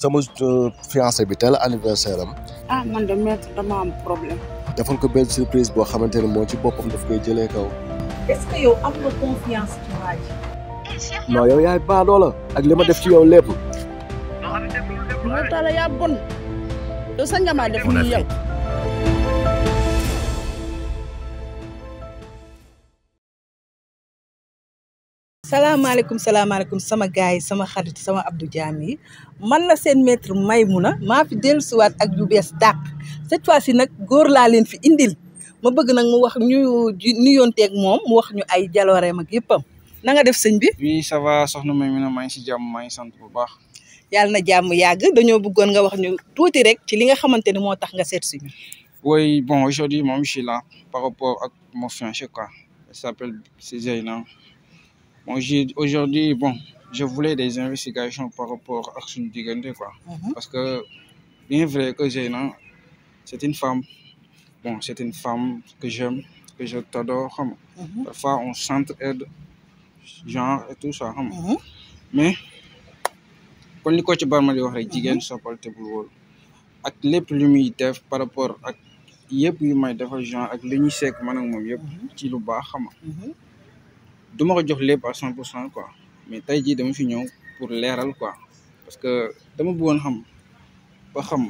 sama euh, fiancé bi teel anniversaire am. ah man de am problème. defoon ko benn surprise boo xamante ne moo ci boppam daf koy jëlee kaw. est-ce yow am yaay baadoo la ak li ma def ci yow lépp. moo tax la yaa bon. yow sañ nga maa def nii yow. salaamaaleykum salaamaaleykum sama gars yi sama xarit sama Abdou jaam yi man la seen maître Maimouna maa fi dellusiwaat ak yu bees dàq cette fois ci nag góor laa leen fi indil ma bëgg nag mu wax ñu nuyonteeg moom mu wax ñu ay jalooreem ak yëppam na nga def sëñ bi. oui ça va soxna Maimouna maa ngi si jàmm maa ngi sant bu baax. yàlla na jàmm yàgg dañoo buggoon nga wax ñu tuuti rek ci li nga xamante ne moo tax nga seet suñu. oui bon aujourd'hui moom je suis là par rapport ak mon fiancé quoi elle s'appelle Aujourd'hui, bon, je voulais des investigations par rapport à Arsène Digende, quoi. Mhm. Parce que, bien vrai que j'ai une, c'est une femme. Bon, c'est une femme que j'aime, que je t'adore. Mhm. Parfois, on s'entraide, genre et tout ça. Mm -hmm. Mais, les coachs coach Barma dit, Digende, ça parle de boulot. Avec les plumes, par rapport à. yëpp yu may defal genre ak li ñu seek man ak moom yëpp mhm. ci lu du ma ko jox lépp à cent pour cent quoi mais tey jii dama fi ñëw pour leeral quoi parce que dama bëggoon xam ba xam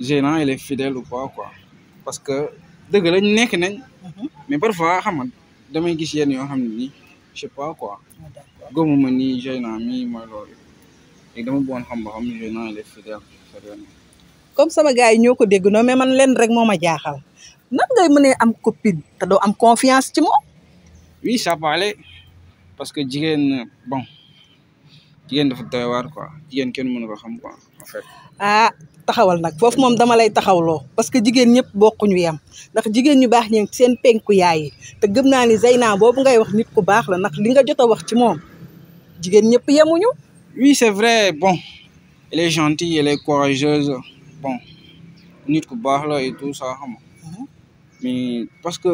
gênant il est fidèle ou parce que dëgg la nekk nañ mhm. mais parfois xam damay gis yenn yoo xam ne nii je sais pas quoi ah, gëmuma nii gênant mi mooy loolu léegi dama bëggoon xam ba xam gênant il est comme sama gars yi ñoo ko dégg noonu mais man leen rek moo ma jaaxal nan ngay mënee am copine te doo am confiance ci moom oui ça parlait parce que jigen bon jigen dafa doy waar quoi jigen kenn mënu ko xam quoi en fait. ah taxawal nak fofu mom dama lay taxawlo parce que jigen ñep bokku ñu yam ndax jigen ñu bax ñeen sen penku yaay te gëm naa ni zayna bobu ngay wax nit ku bax la nak li nga jot wax ci mom jigen ñep yemuñu. oui c'est vrai bon elle est gentille elle est courageuse bon nit ku bax la et tout ça xam mhm. mais parce que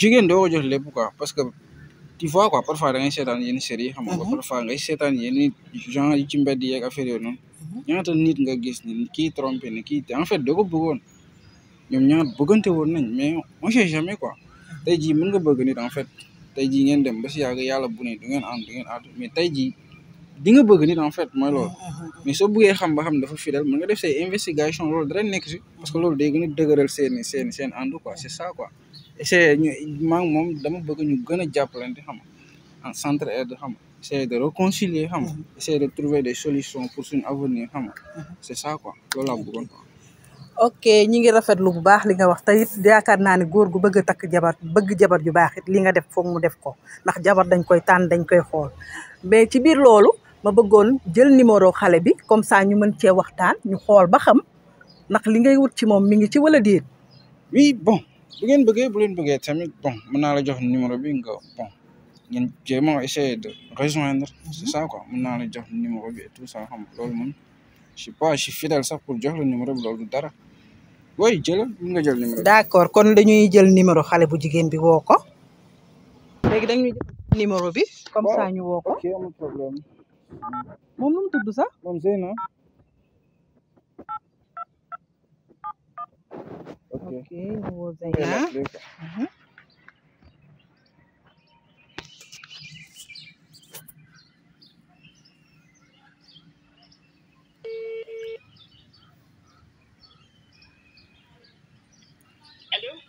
jigen do ko jox lépp quoi parce que. tu vois quoi parfois da ngay seetaan yenn série xam nga mhm. parfois ngay setan yenn genre yu ci mbedd ak affaire yo non mhm. ñaata nit nga gis ni ki tromper ni ki en fait da ko bëggoon ñoom ñaar bëggante woon nañ mais on sait jamais quoi tay ji mën nga bëgg nit en fait tay ji ngeen dem ba si yàgg yalla bu ne du ngeen and du ngeen add mais tay ji di nga bëgg nit en fait moy lool mhm, mais so bëggee xam ba xam dafa fidèle mën nga def say investigation lool dara nekk ci parce que lool day gëna dëgeural seen seen seen and quoi c'est ça quoi essayer ñu maa ngi moom dama ya bëgg ñu gën a jàppalante xam nga ah, centre aide xam nga essayer de réconcilier xam nga essayer de trouver des solutions pour suñu avenir xam nga ça quoi loolu laa ok ñi ngi rafetlu bu baax li nga wax tayit yaakaar naa ne góor gu bëgg takk jabar bëgg jabar ju baax it li nga def foog mu def ko ndax jabar dañ koy tànn dañ koy xool mais ci biir loolu ma bëggoon jël numéro xale bi comme ça ñu mën cee waxtaan ñu xool ba xam ndax li ngay wut ci moom mi ngi ci wala déet oui bon bu ngeen bëggee bu leen bëggee tamit bon mën naa la jox numéro bi nga bon ngeen jéem a essayer de rejoindre c'est ça naa la jox numéro bi et tout ça xam loolu moom je sais pas je sax pour jox la numéro bi loolu dara woy jëlal mën nga jël numéro d'accord kon dañuy jël numéro xale bu jigéen bi woo ko léegi jël numéro bi comme ça ñu ko ok amul Okey, dua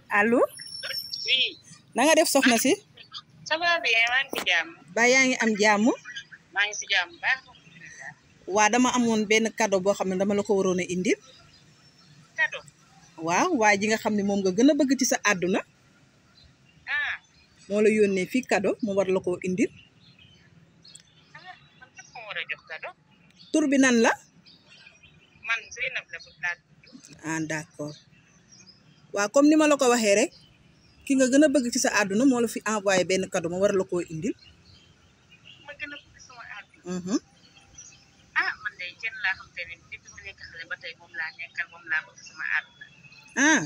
Allô Oui. na nga def soxna si. ça va bien man ci jam. ba yaa ngi am jàmm. Ma ngi ci jam, ba. Wa dama amone ben cadeau bo xamne dama la ko waroon a cadeau. waaw waaye ji nga xam ne moom nga gën a bëgg ci sa àdduna ah. moo la yónnee fii kado moom war la koo indil ah, tur bi nan la man ah d'accord waaw comme ni ma la ko waxee rek ki nga gën a bëgg ci sa àdduna moo la fi envoyé benn kado mu war la koo indil Ah.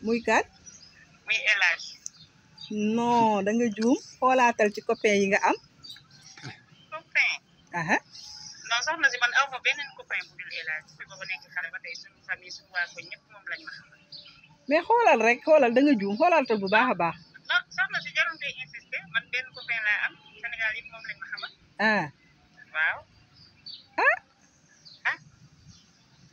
muy kat. muy danga Hadj. non da xoolaatal ci copain yi nga am. copain. aha. mais xoolal rek xoolal da nga juum xoolaatal bu baax a baax.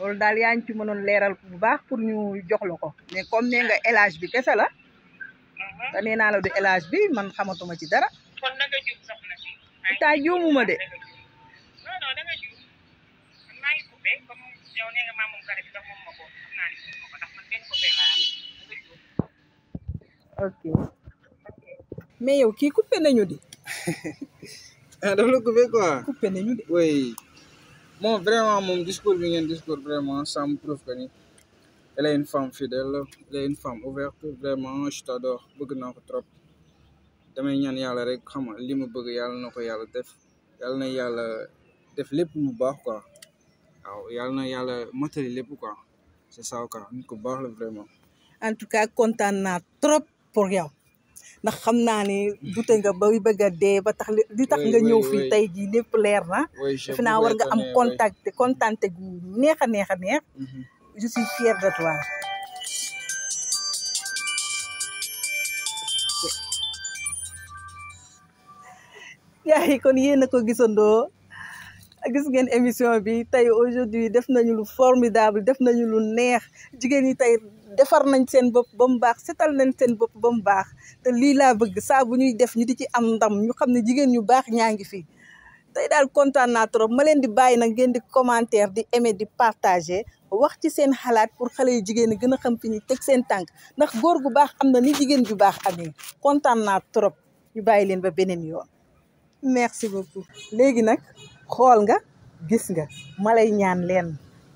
lol dal yañ ngi ci mënoon leeral bu baax pour ñu jox lako mais comme né nga élage bi kessa la te nee la du élage bi man xamatuma ci dara ko bé de ok mais yow kii coupé nañu di ah la coupé quoi coupé nañu di oui moom vraiment moom discours bi ngeen discours vraiment ça me prouve que ni elle est une femme fidèle elle est une femme vraiment je bëgg naa ko trop damay ñaan yàlla rek xam nga li mu bëgg yàlla na ko yàlla def yàlla na yàlla def lépp mu baax quoi waaw yàlla na yàlla matali lépp koi c'est ça quoi nit ku baax la vraiment en tout cas kontaan naa trop pour yow ndax xam naa ne dute nga ba bëgg a dee ba tax li tax nga ñëw fii tey jii lépp leer na defe naa war nga am contact contacté gu neex a neex a neex mhm. je suis de toi yaay kon yéen a ko gisandoo gis ngeen émission bi tay aujourd'hui def nañu lu formidable def nañu lu neex jigéen ñi tey defar nañ seen bopp ba mu baax setal nañ seen bopp ba mu baax te lii laa bëgg saa bu ñuy def ñu di ci am ndam ñu xam ne jigéen ñu baax ñaa ngi fi. tay daal kontaan naa trop ma leen di bàyyi nag ngeen di commentaire di aimer di partager wax ci seen xalaat pour xale yu jigéen gën a xam fi ñuy teg seen tànk ndax góor gu baax am na ni jigéen ju baax amee kontaan naa trop ñu bàyyi leen ba beneen yoon merci beaucoup léegi nag. xool nga gis nga ma lay ñaan leen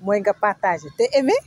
mooy nga partager te aimer